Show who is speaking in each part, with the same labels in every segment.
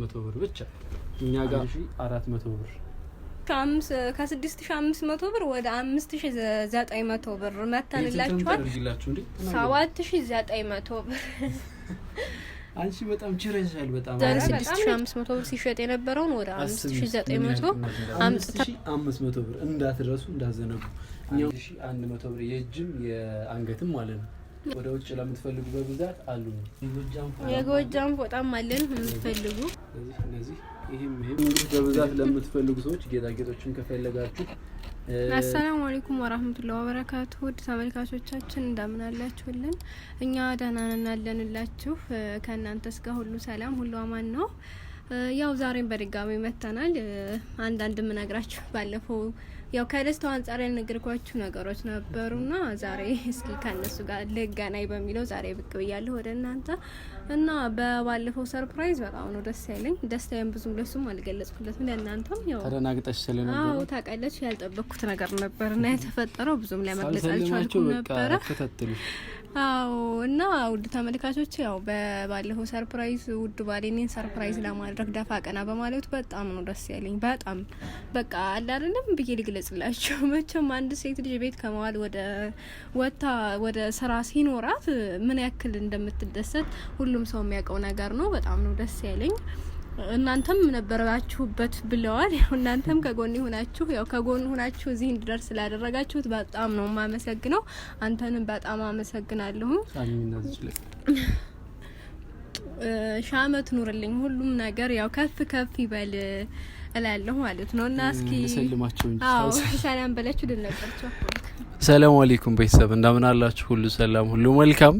Speaker 1: መቶ ብር ብቻ እኛ ጋር
Speaker 2: ብር ብር ወደ 5900 ብር መተንላችኋል። ብር
Speaker 1: አንቺ በጣም ችረሻል። በጣም
Speaker 2: ዛሬ ብር ሲሸጥ የነበረውን ወደ 5900
Speaker 1: 5500 ብር እንዳትረሱ ብር የእጅም የአንገትም ማለት ነው ወደ ውጭ ለምትፈልጉ በብዛት አሉ።
Speaker 2: የጎጃም ፎጣም አለን የምትፈልጉ
Speaker 1: እነዚህ ይህም ይህም እንግዲህ በብዛት ለምትፈልጉ ሰዎች ጌጣጌጦችን ከፈለጋችሁ
Speaker 2: አሰላሙ አለይኩም ወራህመቱላሂ ወበረካቱ። ውድ ተመልካቾቻችን እንደምን አላችሁልን? እኛ ደህና ነን አለንላችሁ። ሁሉ ሰላም፣ ሁሉ አማን ነው። ያው ዛሬም በድጋሚ መጥተናል። አንዳንድ የምነግራችሁ ባለፈው ያው ከደስታው አንጻር ያልነገርኳችሁ ነገሮች ነበሩና ዛሬ እስኪ ከነሱ ጋር ልገናኝ በሚለው ዛሬ ብቅ ብያለሁ ወደ እናንተ እና በባለፈው ሰርፕራይዝ በጣም ነው ደስ ያለኝ። ደስታዬን ብዙም ለሱም አልገለጽኩለትም ለእናንተም ያው ተደናግጠሽ ስለነበረ ታውቃለች። ያልጠበቅኩት ነገር ነበርና የተፈጠረው ብዙም
Speaker 1: ለመግለጽ አልቻልኩም ነበረ።
Speaker 2: አዎ እና ውድ ተመልካቾች ያው በባለፈው ሰርፕራይዝ ውድ ባሌ እኔን ሰርፕራይዝ ለማድረግ ደፋ ቀና በማለቱ በጣም ነው ደስ ያለኝ። በጣም በቃ አለ ብዬ ልግለጽላችሁ። መቼም አንድ ሴት ልጅ ቤት ከመዋል ወደ ወታ ወደ ስራ ሲኖራት ምን ያክል እንደምትደሰት ሁሉም ሰው የሚያውቀው ነገር ነው። በጣም ነው ደስ ያለኝ። እናንተም ነበራችሁበት ብለዋል። ያው እናንተም ከጎን ሆናችሁ ያው ከጎን ሆናችሁ እዚህ እንድደርስ ስላደረጋችሁት በጣም ነው የማመሰግነው። አንተንም በጣም አመሰግናለሁ። ሺህ ዓመት ኑርልኝ። ሁሉም ነገር ያው ከፍ ከፍ ይበል እላለሁ ማለት ነው እና እስኪ ሰላም በላችሁ ድል ነበርቸው።
Speaker 1: ሰላም አለይኩም ቤተሰብ እንደምን አላችሁ? ሁሉ ሰላም፣ ሁሉ መልካም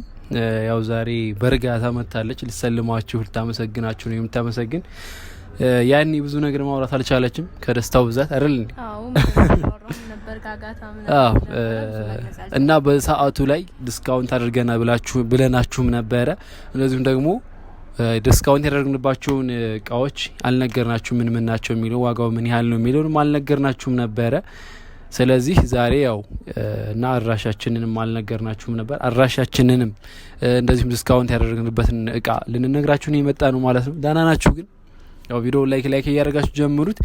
Speaker 1: ያው ዛሬ በእርጋታ መታለች። ልሰልማችሁ፣ ልታመሰግናችሁ ነው የምታመሰግን። ያኔ ብዙ ነገር ማውራት አልቻለችም ከደስታው ብዛት አይደል? እና በሰዓቱ ላይ ዲስካውንት አድርገና ብላችሁ ብለናችሁም ነበረ። እንደዚሁም ደግሞ ዲስካውንት ያደረግንባቸውን እቃዎች አልነገርናችሁ ምን ምን ናቸው የሚለው ዋጋው ምን ያህል ነው የሚለውንም አልነገርናችሁም ነበረ። ስለዚህ ዛሬ ያው እና አድራሻችንንም አልነገርናችሁም ነበር። አድራሻችንንም እንደዚሁም ዲስካውንት ያደረግንበትን እቃ ልንነግራችሁን የመጣ ነው ማለት ነው። ደህና ናችሁ ግን? ያው ቪዲዮ ላይክ ላይክ እያደረጋችሁ ጀምሩት።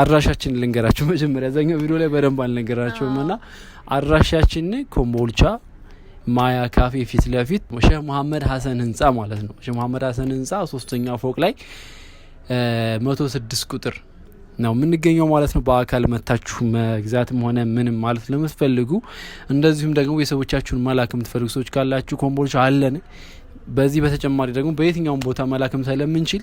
Speaker 1: አድራሻችን ልንገራችሁ መጀመሪያ። ዛኛው ቪዲዮ ላይ በደንብ አልነገራችሁም እና አድራሻችን ኮምቦልቻ ማያ ካፌ ፊት ለፊት ሼህ መሀመድ ሀሰን ህንጻ ማለት ነው። ሼህ መሀመድ ሀሰን ህንጻ ሶስተኛ ፎቅ ላይ መቶ ስድስት ቁጥር ነው የምንገኘው ማለት ነው። በአካል መታችሁ መግዛትም ሆነ ምንም ማለት ለምትፈልጉ፣ እንደዚሁም ደግሞ ቤተሰቦቻችሁን መላክ የምትፈልጉ ሰዎች ካላችሁ ኮምቦልቻ አለን። በዚህ በተጨማሪ ደግሞ በየትኛውም ቦታ መላክም ስለምንችል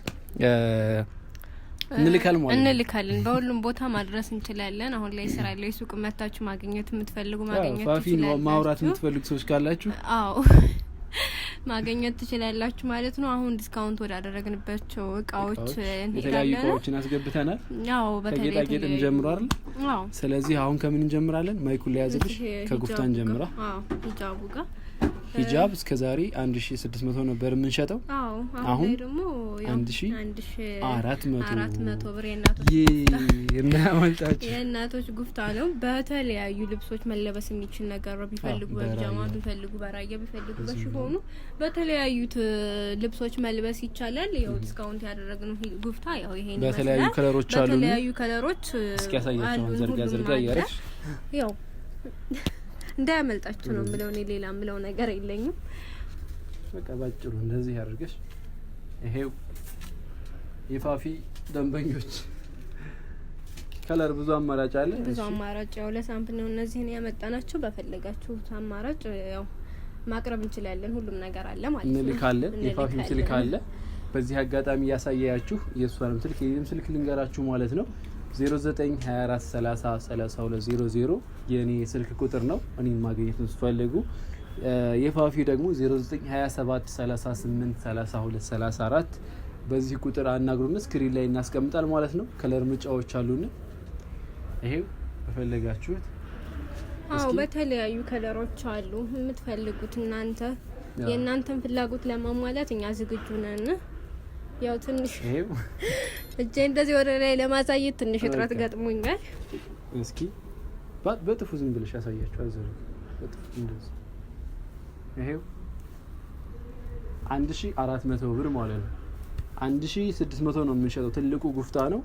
Speaker 1: እንልካል
Speaker 2: ማለት እንልካለን። በሁሉም ቦታ ማድረስ እንችላለን። አሁን ላይ ስራ ላይ ሱቅ መታችሁ ማግኘት የምትፈልጉ
Speaker 1: ማግኘት ፋፊ ማውራት የምትፈልጉ ሰዎች ካላችሁ
Speaker 2: አዎ ማገኘት ትችላላችሁ ማለት ነው። አሁን ዲስካውንት ወዳደረግንባቸው እቃዎች
Speaker 1: የተለያዩ እቃዎችን አስገብተናል።
Speaker 2: ከጌጣጌጥ
Speaker 1: ከጌጣጌጥም ጀምሯል። ስለዚህ አሁን ከምን እንጀምራለን? ማይኩን ለያዝልሽ ከጉፍታ እንጀምራ ሂጃቡ ጋር ሂጃብ እስከ ዛሬ አንድ ሺ ስድስት መቶ ነበር የምንሸጠው። አሁን ደግሞ አንድ ሺ አራት መቶ አራት መቶ ብር እናመልጣቸው። የእናቶች ጉፍታ ነው።
Speaker 2: በተለያዩ ልብሶች መለበስ የሚችል ነገር ነው። ቢፈልጉ በጃማ ቢፈልጉ በራያ ቢፈልጉ በሽፎኑ በተለያዩት ልብሶች መልበስ ይቻላል። ያው ዲስካውንት ያደረግነው ጉፍታ ያው
Speaker 1: ይሄን ይመስላል። በተለያዩ ከለሮች አሉ።
Speaker 2: በተለያዩ ከለሮች
Speaker 1: እስኪያሳያቸው ዘርጋ ዘርጋ እያረች
Speaker 2: ያው እንዳያመልጣችሁ ነው የምለው። እኔ ሌላ የምለው ነገር የለኝም።
Speaker 1: በቃ ባጭሩ እንደዚህ ያድርገሽ። ይሄው የፋፊ ደንበኞች ከለር ብዙ አማራጭ አለ።
Speaker 2: ብዙ አማራጭ ያው ለሳምፕል ነው እነዚህን ያመጣናቸው። በፈለጋችሁት አማራጭ ያው ማቅረብ እንችላለን። ሁሉም ነገር አለ ማለት
Speaker 1: ነው። እንልካለን፣ የፋፊም ስልክ አለ። በዚህ አጋጣሚ እያሳያችሁ የእሷንም ስልክ የኔም ስልክ ልንገራችሁ ማለት ነው። 0924330200 የእኔ ስልክ ቁጥር ነው። እኔን ማግኘት ስትፈልጉ የፋፊ ደግሞ 0927383234 በዚህ ቁጥር አናግሩን። ስክሪን ላይ እናስቀምጣል ማለት ነው። ከለር ምርጫዎች አሉን። ይሄው በፈለጋችሁት
Speaker 2: አዎ፣ በተለያዩ ከለሮች አሉ። የምትፈልጉት እናንተ የእናንተን ፍላጎት ለማሟላት እኛ ዝግጁ ነን። ያው ትንሽ እጄ እንደዚህ ወደ ላይ ለማሳየት ትንሽ እጥረት ገጥሞኛል።
Speaker 1: እስኪ በጥፉ ዝም ብለሽ ያሳያችሁ አዘሩ በጥፉ እንደዚህ ይሄው አንድ ሺ አራት መቶ ብር ማለት ነው። አንድ ሺ ስድስት መቶ ነው የምንሸጠው። ትልቁ ጉፍታ ነው።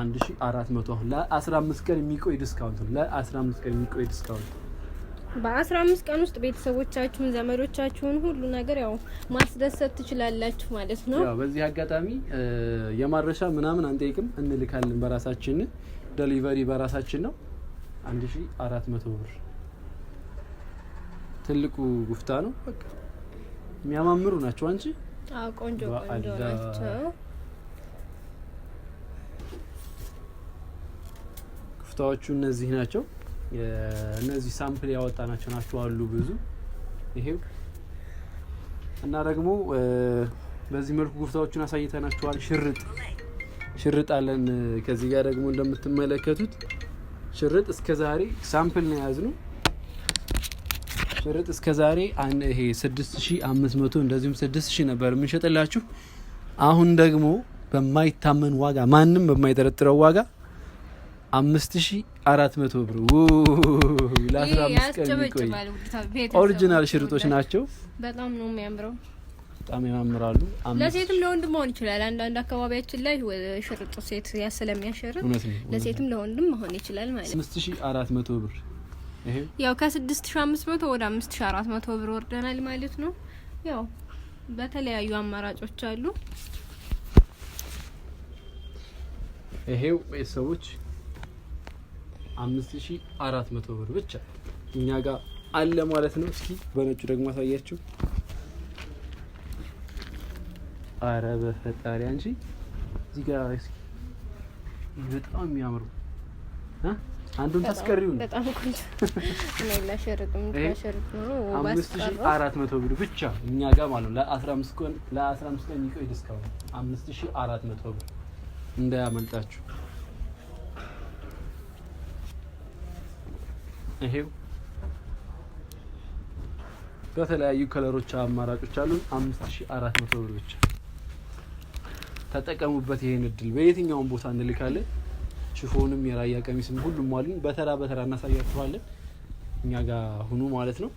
Speaker 1: አንድ ሺ አራት መቶ ለአስራ አምስት ቀን የሚቆይ ዲስካውንት ነው። ለአስራ አምስት ቀን የሚቆይ ዲስካውንት
Speaker 2: በአስራ አምስት ቀን ውስጥ ቤተሰቦቻችሁን ዘመዶቻችሁን ሁሉ ነገር ያው ማስደሰት ትችላላችሁ ማለት ነው።
Speaker 1: ያው በዚህ አጋጣሚ የማረሻ ምናምን አንጠይቅም፣ እንልካለን በራሳችን ደሊቨሪ በራሳችን ነው። መቶ ብር ትልቁ ጉፍታ ነው። በቃ የሚያማምሩ ናቸው። አንቺ
Speaker 2: ቆንጆ ቆንጆ ናቸው።
Speaker 1: ጉፍታዎቹ እነዚህ ናቸው። እነዚህ ሳምፕል ያወጣናቸው ናቸው አሉ ብዙ ይሄው እና ደግሞ በዚህ መልኩ ጉፍታዎቹን አሳይተናቸዋል። ሽርጥ ሽርጥ አለን። ከዚህ ጋር ደግሞ እንደምትመለከቱት ሽርጥ እስከ ዛሬ ሳምፕል ነው የያዝነው። ሽርጥ እስከ ዛሬ ይሄ 6500 እንደዚሁም 6000 ነበር የምንሸጥላችሁ። አሁን ደግሞ በማይታመን ዋጋ ማንም በማይጠረጥረው ዋጋ አምስት ሺ አራት መቶ ብር ለአስራ አምስት ቀን የሚቆይ ኦሪጂናል ሽርጦች ናቸው።
Speaker 2: በጣም ነው የሚያምረው።
Speaker 1: በጣም ያማምራሉ።
Speaker 2: ለሴትም ለወንድም መሆን ይችላል። አንዳንድ አካባቢያችን ላይ ሽርጡ ሴት ስለሚያሸርጥ ለሴትም ለወንድም መሆን ይችላል
Speaker 1: ማለት ነው። አምስት ሺ አራት መቶ ብር
Speaker 2: ያው ከስድስት ሺ አምስት መቶ ወደ አምስት ሺ አራት መቶ ብር ወርደናል ማለት ነው። ያው በተለያዩ አማራጮች አሉ።
Speaker 1: ይሄው ቤተሰቦች 5400 ብር ብቻ እኛ ጋር አለ ማለት ነው። እስኪ በነጩ ደግሞ አሳያችሁ። አረ በፈጣሪ አንቺ እዚህ ጋር እስኪ በጣም የሚያምሩ አንዱን ታስቀሪው ነው።
Speaker 2: በጣም ቆንጆ እኔ ላሸርቅም ላሸርቅ ኑሮ
Speaker 1: አምስት ሺህ አራት መቶ ብር ብቻ እኛ ጋር ማለት ነው። ለአስራ አምስት ቀን ለአስራ አምስት ቀን ይቆይ ዲስካውንት አምስት ሺህ አራት መቶ ብር እንዳያመልጣችሁ። ይሄው በተለያዩ ከለሮች አማራጮች አሉን። 5400 ብር ብቻ ተጠቀሙበት ይሄን እድል። በየትኛውም ቦታ እንልካለን። ሽፎንም የራያ ቀሚስም ሁሉም አሉን። በተራ በተራ እናሳያችኋለን። እኛ ጋር ሁኑ ማለት ነው።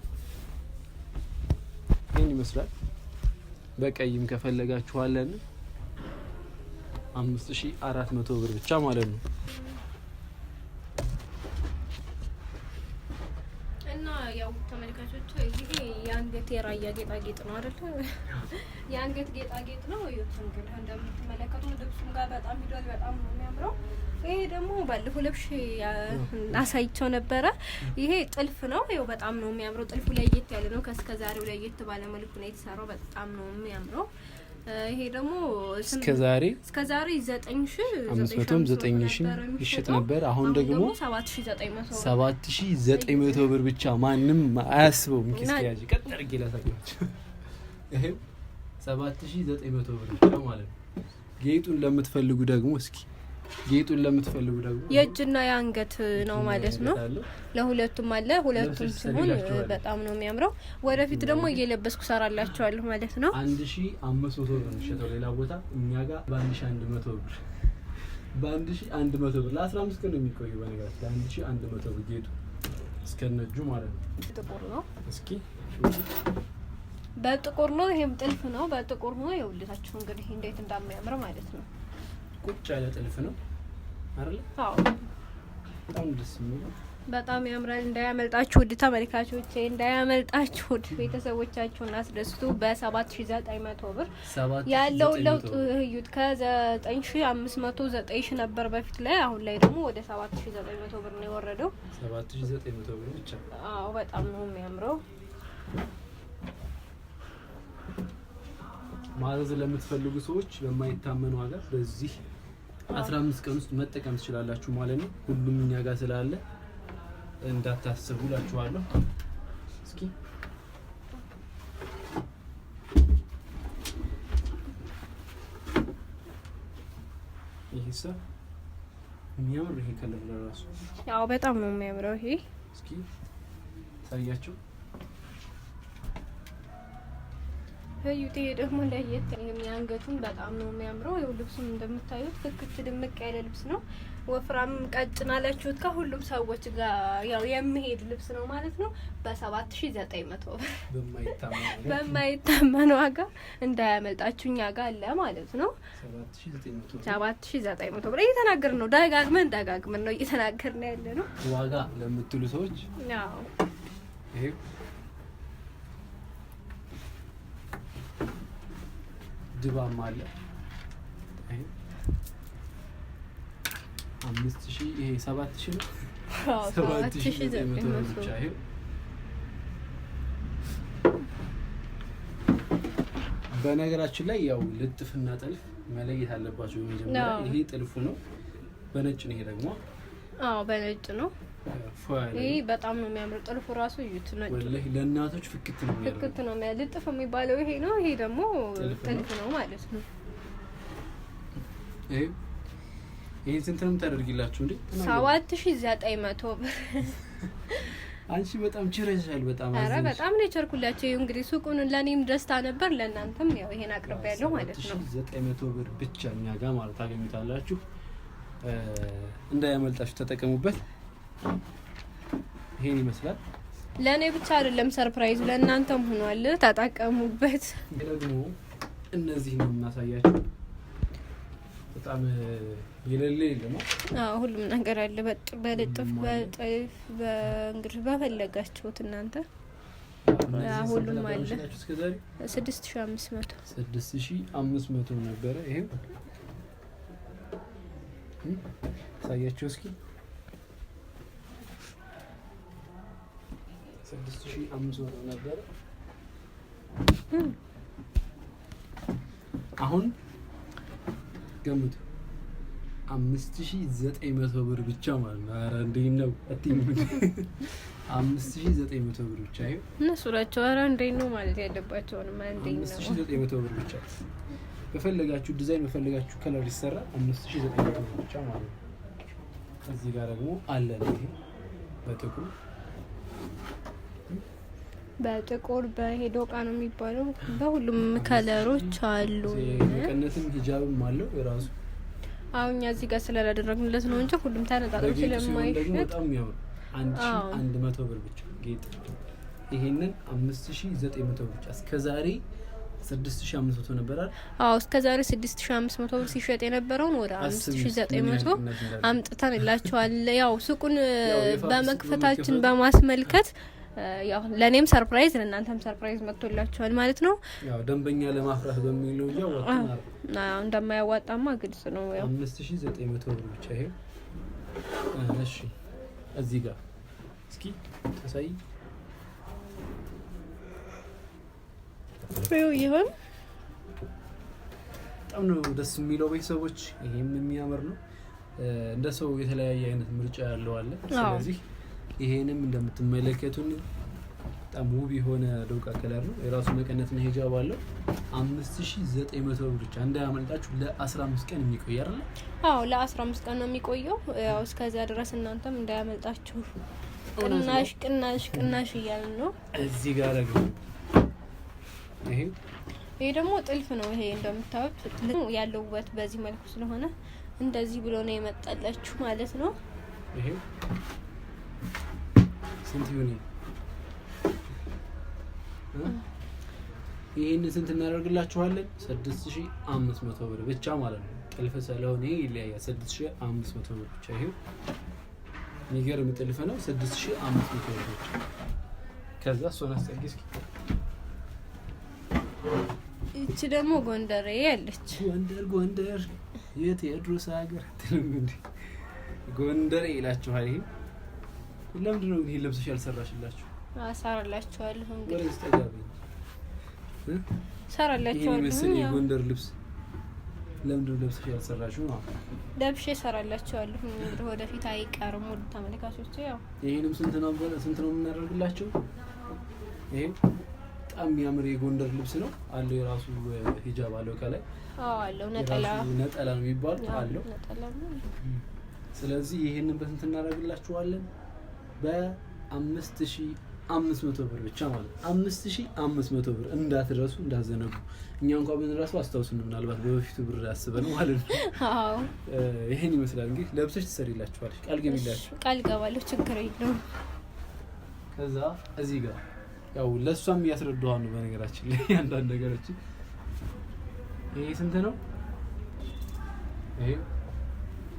Speaker 1: ይህን ይመስላል። በቀይም ከፈለጋችኋለን 5400 ብር ብቻ ማለት ነው።
Speaker 2: ያው ተመልካቾች ይሄ የአንገት የራያ ጌጣጌጥ ነው አይደል? የአንገት ጌጣጌጥ ነው። እዩት እንግዲህ እንደምትመለከቱ ልብሱም ጋር በጣም ሂዷል። በጣም ነው የሚያምረው። ይሄ ደግሞ ባለፈው ለብሼ አሳይቸው ነበረ። ይሄ ጥልፍ ነው። ይኸው በጣም ነው የሚያምረው። ጥልፉ ለየት ያለ ነው። ከእስከ ዛሬው ለየት ባለ መልኩ ነው የተሰራው። በጣም ነው የሚያምረው። ይሄ ደግሞ
Speaker 1: እስከ ዛሬ
Speaker 2: እስከ ዛሬ ዘጠኝ ሺ
Speaker 1: አምስት መቶም ዘጠኝ ሺ ነበር። አሁን ደግሞ ሰባት ሺ ዘጠኝ መቶ ብር ብቻ ማንም አያስበው። ኪስ ያዥ ቀጥ አድርጌ ይሄም ሰባት ሺ ዘጠኝ መቶ ብር ብቻ ማለት ነው። ጌጡን ለምትፈልጉ ደግሞ እስኪ ጌጡን ለምትፈልጉ ደግሞ
Speaker 2: የእጅና የአንገት ነው ማለት ነው። ለሁለቱም አለ። ሁለቱም ሲሆን በጣም ነው የሚያምረው። ወደፊት ደግሞ እየለበስኩ ሰራላቸዋለሁ ማለት ነው።
Speaker 1: አንድ ሺ አምስት መቶ ብር የሚሸጠው ሌላ ቦታ፣ እኛ ጋር በአንድ ሺ አንድ መቶ ብር በአንድ ሺ አንድ መቶ ብር ለአስራ አምስት ቀን ነው የሚቆዩ በነገራችን ለአንድ ሺ አንድ መቶ ብር ጌጡ እስከነጁ ማለት ነው። ጥቁር ነው። እስኪ
Speaker 2: በጥቁር ነው። ይሄም ጥልፍ ነው። በጥቁር ነው። የውልታችሁ እንግዲህ እንዴት እንዳሚያምር ማለት ነው።
Speaker 1: ቁጭ ያለ ጥልፍ ነው አይደል? አዎ፣ በጣም ደስ የሚል
Speaker 2: በጣም ያምራል። እንዳያመልጣችሁ ውድ ተመልካቾች፣ እንዳያመልጣችሁ ውድ ቤተሰቦቻችሁን አስደስቱ። በ7900 ብር
Speaker 1: ያለው ለውጥ
Speaker 2: እዩት። ከ9500 ነበር በፊት ላይ፣ አሁን ላይ ደግሞ ወደ 7900 ብር ነው የወረደው።
Speaker 1: 7900 ብር ብቻ።
Speaker 2: አዎ፣ በጣም ነው የሚያምረው።
Speaker 1: ማዘዝ ለምትፈልጉ ሰዎች በማይታመኑ ዋጋ በዚህ 15 ቀን ውስጥ መጠቀም ትችላላችሁ ማለት ነው። ሁሉም እኛ ጋር ስላለ እንዳታስቡ እላችኋለሁ። እስኪ ይሄሳ የሚያምር ይሄ ከለር ለራሱ
Speaker 2: ያው በጣም ነው የሚያምረው። ይሄ
Speaker 1: እስኪ ታያችሁ
Speaker 2: በዩቴ ደግሞ ለየት ይሄም የአንገቱን በጣም ነው የሚያምረው። ይኸው ልብሱም እንደምታዩት ፍክት ድምቅ ያለ ልብስ ነው። ወፍራም ቀጭን አላችሁት ከሁሉም ሰዎች ጋር ያው የሚሄድ ልብስ ነው ማለት ነው። በሰባት ሺ ዘጠኝ መቶ ብር በማይታመን ዋጋ እንዳያመልጣችሁ እኛ ጋር አለ ማለት ነው። ሰባት ሺ ዘጠኝ መቶ ብር እየተናገርን ነው፣ ደጋግመን ደጋግመን ነው እየተናገርን ያለ ነው።
Speaker 1: ዋጋ ለምትሉ ሰዎች ይሄ ድባም አለ አምስት ሺህ ይሄ ሰባት ሺህ ነው።
Speaker 2: ሰባት ሺህ ዘጠኝ መቶ ብቻ
Speaker 1: በነገራችን ላይ ያው ልጥፍና ጥልፍ መለየት አለባቸው። መጀመሪያ ይሄ ጥልፉ ነው፣ በነጭ ነው። ይሄ ደግሞ
Speaker 2: አዎ በነጭ ነው። ይህ በጣም ነው የሚያምር። ጥልፉ ራሱ እዩት፣
Speaker 1: ለእናቶች ፍክት ነው
Speaker 2: ፍክት ነው። ልጥፍ የሚባለው ይሄ ነው። ይሄ ደግሞ ጥልፍ ነው ማለት ነው።
Speaker 1: ይህ ስንት ነው የምታደርጊላችሁ እንዴ?
Speaker 2: ሰባት ሺ ዘጠኝ መቶ ብር።
Speaker 1: አንቺ በጣም ችረሻል። በጣም
Speaker 2: አረ በጣም ነው የቸርኩላቸው። ይኸው እንግዲህ ሱቁን ለእኔም ደስታ ነበር፣ ለእናንተም ያው ይሄን አቅርብ ያለው ማለት ነው።
Speaker 1: ዘጠኝ መቶ ብር ብቻ እኛ ጋር ማለት ታገኙታላችሁ። እንዳያመልጣችሁ ተጠቀሙበት። ይሄን ይመስላል።
Speaker 2: ለእኔ ብቻ አይደለም ሰርፕራይዙ ለእናንተም ሆኗል። ተጠቀሙበት።
Speaker 1: ደግሞ እነዚህ ነው የምናሳያቸው። በጣም የሌለ የለም።
Speaker 2: አዎ ሁሉም ነገር አለ። በጥ በልጥፍ በጥፍ በእንግዲህ በፈለጋችሁት እናንተ ሁሉም አለ። ስድስት ሺህ አምስት መቶ
Speaker 1: ስድስት ሺህ አምስት መቶ ነበረ። ይሄው ሳያቸው እስኪ ስድስት ሺህ አምስት መቶ ነበረ። አሁን ገምቱ አምስት ሺህ ዘጠኝ መቶ ብር ብቻ ማለት ነው። ኧረ እንዴት ነው አምስት ሺህ ዘጠኝ መቶ ብር ብቻ ይኸው
Speaker 2: እነሱ ናቸው። ኧረ እንዴት ነው ማለት ያለባቸውንም
Speaker 1: እንዴት ነው? አምስት ሺህ ዘጠኝ መቶ ብር ብቻ በፈለጋችሁ ዲዛይን በፈለጋችሁ ከለር ይሰራል። አምስት ሺህ ዘጠኝ መቶ ብር ብቻ ማለት ነው። እዚህ ጋር ደግሞ አለን ይሄ በጥቁር
Speaker 2: በጥቁር በሄዶ እቃ ነው የሚባለው። በሁሉም ከለሮች አሉ።
Speaker 1: ቀነትም ሂጃብም አለው የራሱ
Speaker 2: አሁን እኛ እዚህ ጋር ስላላደረግንለት ነው እንጂ ሁሉም ተነጣጥሎ
Speaker 1: ስለማይሸጥ አንድ መቶ ብር ብቻ ጌጥ ይሄንን አምስት ሺ ዘጠኝ መቶ ብር ብቻ እስከ ዛሬ ስድስት ሺ አምስት መቶ ነበራል።
Speaker 2: አዎ እስከ ዛሬ ስድስት ሺ አምስት መቶ ብር ሲሸጥ የነበረውን ወደ አምስት ሺ ዘጠኝ መቶ አምጥተን ላቸዋል። ያው ሱቁን በመክፈታችን በማስመልከት ያው ለእኔም ሰርፕራይዝ ለእናንተም ሰርፕራይዝ መጥቶላችኋል ማለት ነው።
Speaker 1: ያው ደንበኛ ለማፍራት በሚለው
Speaker 2: እንደማያዋጣማ ግልጽ ነው።
Speaker 1: አምስት ሺ ዘጠኝ መቶ ብር ብቻ ይሄ። እሺ እዚህ ጋር እስኪ
Speaker 2: ፍሬው ይሆን
Speaker 1: በጣም ነው ደስ የሚለው ቤተሰቦች። ይሄም የሚያምር ነው። እንደ ሰው የተለያየ አይነት ምርጫ ያለው አለ። ስለዚህ ይሄንም እንደምትመለከቱን በጣም ውብ የሆነ ዶቃ ከለር ነው። የራሱ መቀነትና ሂጃብ አለው። 5900 ብር ብቻ እንዳያመልጣችሁ። ለ15 ቀን የሚቆይ አይደል?
Speaker 2: አዎ ለ ቀን ነው የሚቆየው። ያው እስከዚያ ድረስ እናንተም እንዳያመልጣችሁ ቅናሽ ቅናሽ ቅናሽ እያልን ነው።
Speaker 1: እዚህ ጋር ደግሞ ይሄ
Speaker 2: ይሄ ደግሞ ጥልፍ ነው። ይሄ እንደምታዩት ያለው ውበት በዚህ መልኩ ስለሆነ እንደዚህ ብሎ ነው የመጣላችሁ ማለት ነው።
Speaker 1: ይሄ ስንት ይሁን? ይህን ስንት እናደርግላችኋለን? ስድስት ሺህ አምስት መቶ ብር ብቻ ማለት ነው። ጥልፍ ስለሆነ ይሄ ይለያያል። ስድስት ሺህ አምስት መቶ ብር ብቻ። ይሄው የሚገርም ጥልፍ ነው። ስድስት ሺህ አምስት መቶ ብር ብቻ። ከዛ እሷን አስጠጊ እስኪ።
Speaker 2: ይቺ ደግሞ ጎንደር ያለች
Speaker 1: ጎንደር ጎንደር የት የድሮስ ሀገር ትልም እንዲ ጎንደር ይላችኋል ይሄ ለምንድን ነው ይሄን ለብሰሽ ያልሰራሽላችሁ?
Speaker 2: አሰራላችኋለሁ። እንግዲህ ሰራላችኋለሁ።
Speaker 1: የጎንደር ልብስ ለምንድን ነው ለብሰሽ ያልሰራሽው?
Speaker 2: ለብሼ እሰራላችኋለሁ። እንግዲህ ወደፊት አይቀርም። ውድ ተመልካቾች፣ ያው
Speaker 1: ይሄንም ስንት ነው ስንት ነው የምናደርግላቸው? ይሄም በጣም የሚያምር የጎንደር ልብስ ነው አለው። የራሱ ሂጃብ አለው ከላይ
Speaker 2: አለው። ነጠላ
Speaker 1: ነጠላ ነው የሚባለው አለው። ስለዚህ ይሄንን በስንት እናደርግላችኋለን? በ5500 ብር ብቻ ማለት ነው። አምስት ብር እንዳትረሱ እንዳዘነጉ። እኛ እንኳ ብንረሱ አስታውሱን፣ ምናልባት በበፊቱ ብር አስበን ማለት ነው። ይህን ይመስላል እንግዲህ። ለብሶች ትሰሪላችኋለች። ቃል ገቢላችሁ።
Speaker 2: ቃል ገባለሁ፣ ችግር የለውም።
Speaker 1: ከዛ እዚህ ጋር ያው ለእሷም እያስረዳኋ ነው። በነገራችን ላይ አንዳንድ ነገሮችን ይሄ ስንት ነው?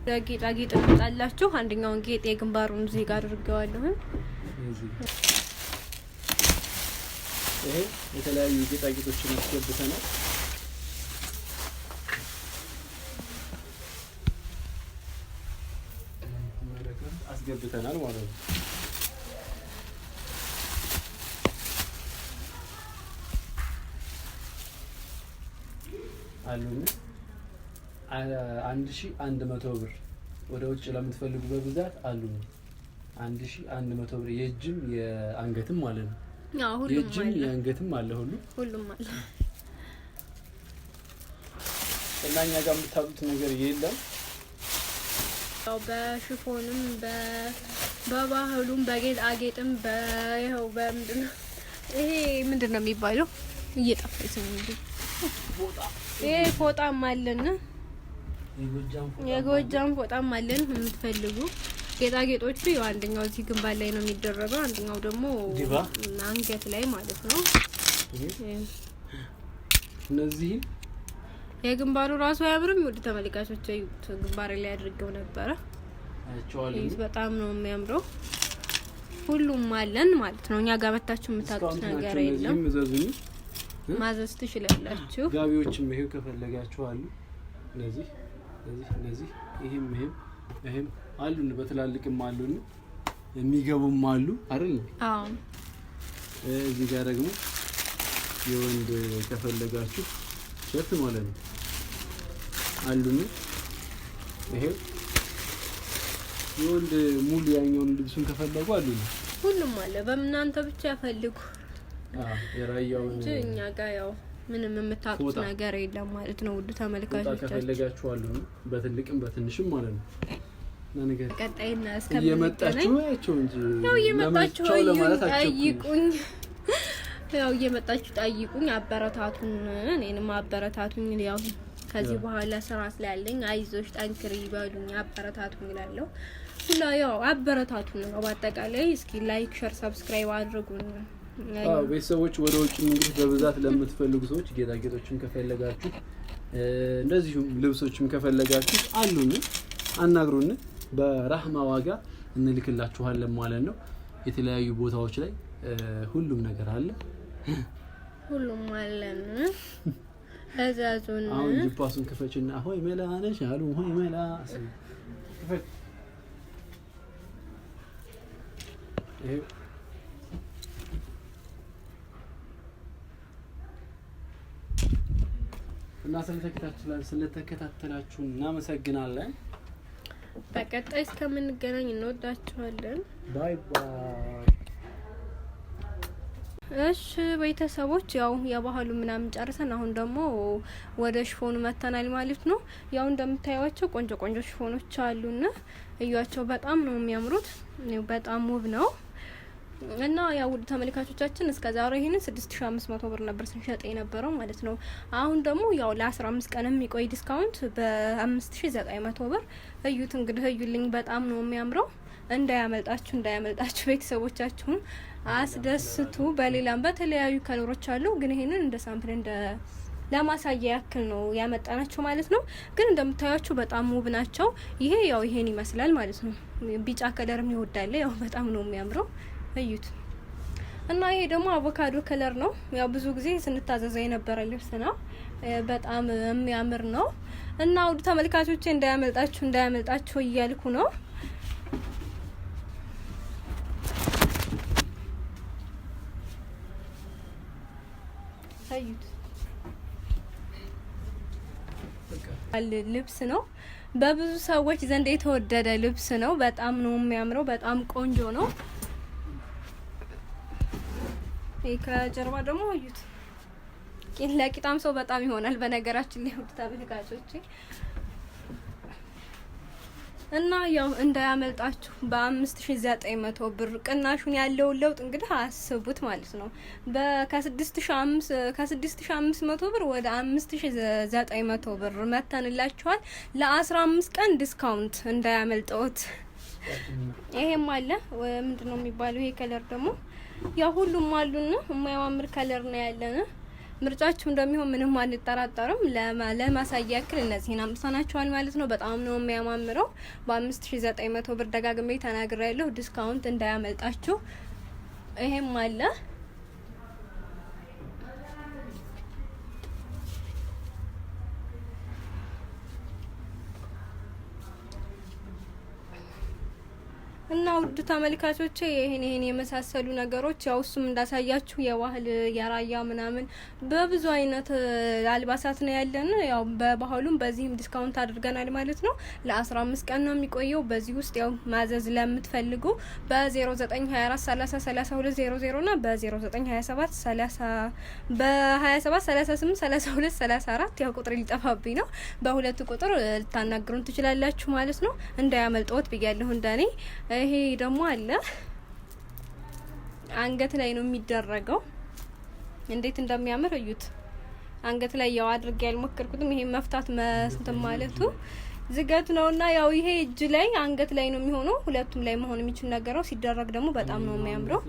Speaker 1: ለጌጣጌጥ እንጣላችሁ። አንደኛውን ጌጥ የግንባሩን እዚህ ጋር አድርገዋለሁ። ይሄ የተለያዩ ጌጣጌጦችን አስገብተናል። አስገብተናል ማለት ነው። አሉን አንድ ሺህ አንድ መቶ ብር ወደ ውጭ ለምትፈልጉ በብዛት አሉ። አንድ ሺ አንድ መቶ ብር የእጅም የአንገትም አለ ነው። የእጅም የአንገትም አለ ሁሉ ሁሉም አለ እና እኛ ጋር የምታሉት ነገር የለም። ያው በሽፎንም በባህሉም በጌጣጌጥም በይኸው በምንድን ነው ይሄ ምንድን ነው የሚባለው? እየጠፋ ይሰኛል። ይሄ ፎጣም አለና የጎጃም ፎጣም አለን የምትፈልጉ ጌጣጌጦቹ ያው አንደኛው እዚህ ግንባር ላይ ነው የሚደረገው፣ አንደኛው ደግሞ አንገት ላይ ማለት ነው። እነዚህ የግንባሩ ራሱ አያምርም? ውድ ተመልካቾች እዩት። ግንባር ላይ አድርገው ነበረ። በጣም ነው የሚያምረው። ሁሉም አለን ማለት ነው። እኛ ጋር መታችሁ የምታጡት ነገር የለም። ማዘዝ ትችላላችሁ። ጋቢዎችም ይሄው ከፈለጋችሁ አሉ እነዚህ እነዚህ እነዚህ ይሄም ይሄም ይሄም አሉን በትላልቅም አሉን የሚገቡም አሉ አይደል? አዎ። እዚህ ጋር ደግሞ የወንድ ከፈለጋችሁ ሸርት ማለት ነው አሉን። ይሄ የወንድ ሙሉ ያኛውን ልብሱን ከፈለጉ አሉን። ሁሉም አለ። በእናንተ ብቻ ያፈልጉ። አዎ የራያው እንጂ እኛ ጋር ያው ምንም የምታውቁት ነገር የለም ማለት ነው። ውድ ተመልካቾች ከፈለጋችኋለሁ በትልቅም በትንሽም ማለት ነው። ቀጣይና እስከምንገናኝ እየመጣችሁ ጠይቁኝ፣ ያው እየመጣችሁ ጠይቁኝ፣ አበረታቱን፣ እኔንም አበረታቱኝ። ያው ከዚህ በኋላ ስራ ስላለኝ አይዞሽ ጠንክሪ ይበሉኝ፣ አበረታቱኝ እላለሁ። ሁላ ያው አበረታቱን ነው። በአጠቃላይ እስኪ ላይክ፣ ሸር፣ ሰብስክራይብ አድርጉን። ቤተሰቦች ወደ ውጭ እንግዲህ በብዛት ለምትፈልጉ ሰዎች ጌጣጌጦችም ከፈለጋችሁ እንደዚሁም ልብሶችም ከፈለጋችሁ አሉን፣ አናግሩን። በራህማ ዋጋ እንልክላችኋለን ማለት ነው። የተለያዩ ቦታዎች ላይ ሁሉም ነገር አለ፣ ሁሉም አለን። እዛዙን። አሁን ጅፓሱን ክፈችና ሆይ መላ ነሽ አሉ። ሆይ መላ ክፈች እና ስለተከታተላችሁ እናመሰግናለን። በቀጣይ እስከምንገናኝ እንወዳችኋለን። ባይ ባይ። እሺ ቤተሰቦች ያው የባህሉ ምናምን ጨርሰን አሁን ደግሞ ወደ ሽፎኑ መተናል ማለት ነው። ያው እንደምታዩዋቸው ቆንጆ ቆንጆ ሽፎኖች አሉና እያቸው፣ በጣም ነው የሚያምሩት። በጣም ውብ ነው። እና ያ ውድ ተመልካቾቻችን እስከ ዛሬ ይሄንን 6500 ብር ነበር ስንሸጥ የነበረው ማለት ነው። አሁን ደግሞ ያው ለ15 ቀን የሚቆይ ዲስካውንት በ5900 ብር እዩት። እንግዲህ እዩልኝ፣ በጣም ነው የሚያምረው። እንዳያመልጣችሁ እንዳያመልጣችሁ ቤተሰቦቻችሁን አስደስቱ። በሌላም በተለያዩ ከለሮች አሉ፣ ግን ይሄንን እንደ ሳምፕል እንደ ለማሳያ ያክል ነው ያመጣናቸው ማለት ነው። ግን እንደምታያችሁ በጣም ውብ ናቸው። ይሄ ያው ይሄን ይመስላል ማለት ነው። ቢጫ ከለርም ይወዳለ ያው በጣም ነው የሚያምረው። እዩት እና ይሄ ደግሞ አቮካዶ ከለር ነው። ያው ብዙ ጊዜ ስንታዘዘ የነበረ ልብስ ነው። በጣም የሚያምር ነው እና ውድ ተመልካቾቼ እንዳያመልጣችሁ እንዳያመልጣችሁ እያልኩ ነው። እዩት ልብስ ነው። በብዙ ሰዎች ዘንድ የተወደደ ልብስ ነው። በጣም ነው የሚያምረው። በጣም ቆንጆ ነው። ከጀርባ ደግሞ እዩት። ቂን ለቂጣም ሰው በጣም ይሆናል። በነገራችን ላይ ውድ ተመልካቾቼ እና ያው እንዳያመልጣችሁ በ5900 ብር ቅናሹን ያለውን ለውጥ እንግዲህ አስቡት ማለት ነው ከ በከ6500 ከ6500 ብር ወደ 5900 ብር መተንላችኋል። ለ15 ቀን ዲስካውንት እንዳያመልጠውት። ይሄም አለ ምንድነው የሚባለው ይሄ ከለር ደግሞ ያ ሁሉም አሉና የማያማምር ከለር ነው ያለን። ምርጫችሁ እንደሚሆን ምንም አንጠራጠርም። ለማሳያ ያክል እነዚህን አምጥተናቸዋል ማለት ነው። በጣም ነው የሚያማምረው። በ5900 ብር ደጋግሜ ተናግሬያለሁ። ዲስካውንት እንዳያመልጣችሁ። ይሄም አለ ተመልካቾቼ ይህን ይህን የመሳሰሉ ነገሮች ያው እሱም እንዳሳያችሁ የባህል የራያ ምናምን በብዙ አይነት አልባሳት ነው ያለን። ያው በባህሉም በዚህም ዲስካውንት አድርገናል ማለት ነው። ለአስራ አምስት ቀን ነው የሚቆየው። በዚህ ውስጥ ያው ማዘዝ ለምትፈልጉ በ0924303200 እና በ0927 በ 27 38 32 34 ያው ቁጥር ሊጠፋብኝ ነው። በሁለቱ ቁጥር ልታናግሩን ትችላላችሁ ማለት ነው። እንዳያመልጠወት ብያለሁ እንደኔ ይሄ ደግሞ ደግሞ አለ አንገት ላይ ነው የሚደረገው። እንዴት እንደሚያምር እዩት። አንገት ላይ ያው አድርጌ ያልሞከርኩትም ይሄ መፍታት መስንት ማለቱ ዝገት ነውና ያው ይሄ እጅ ላይ አንገት ላይ ነው የሚሆነው። ሁለቱም ላይ መሆን የሚችል ነገር ነው። ሲደረግ ደግሞ በጣም ነው የሚያምረው።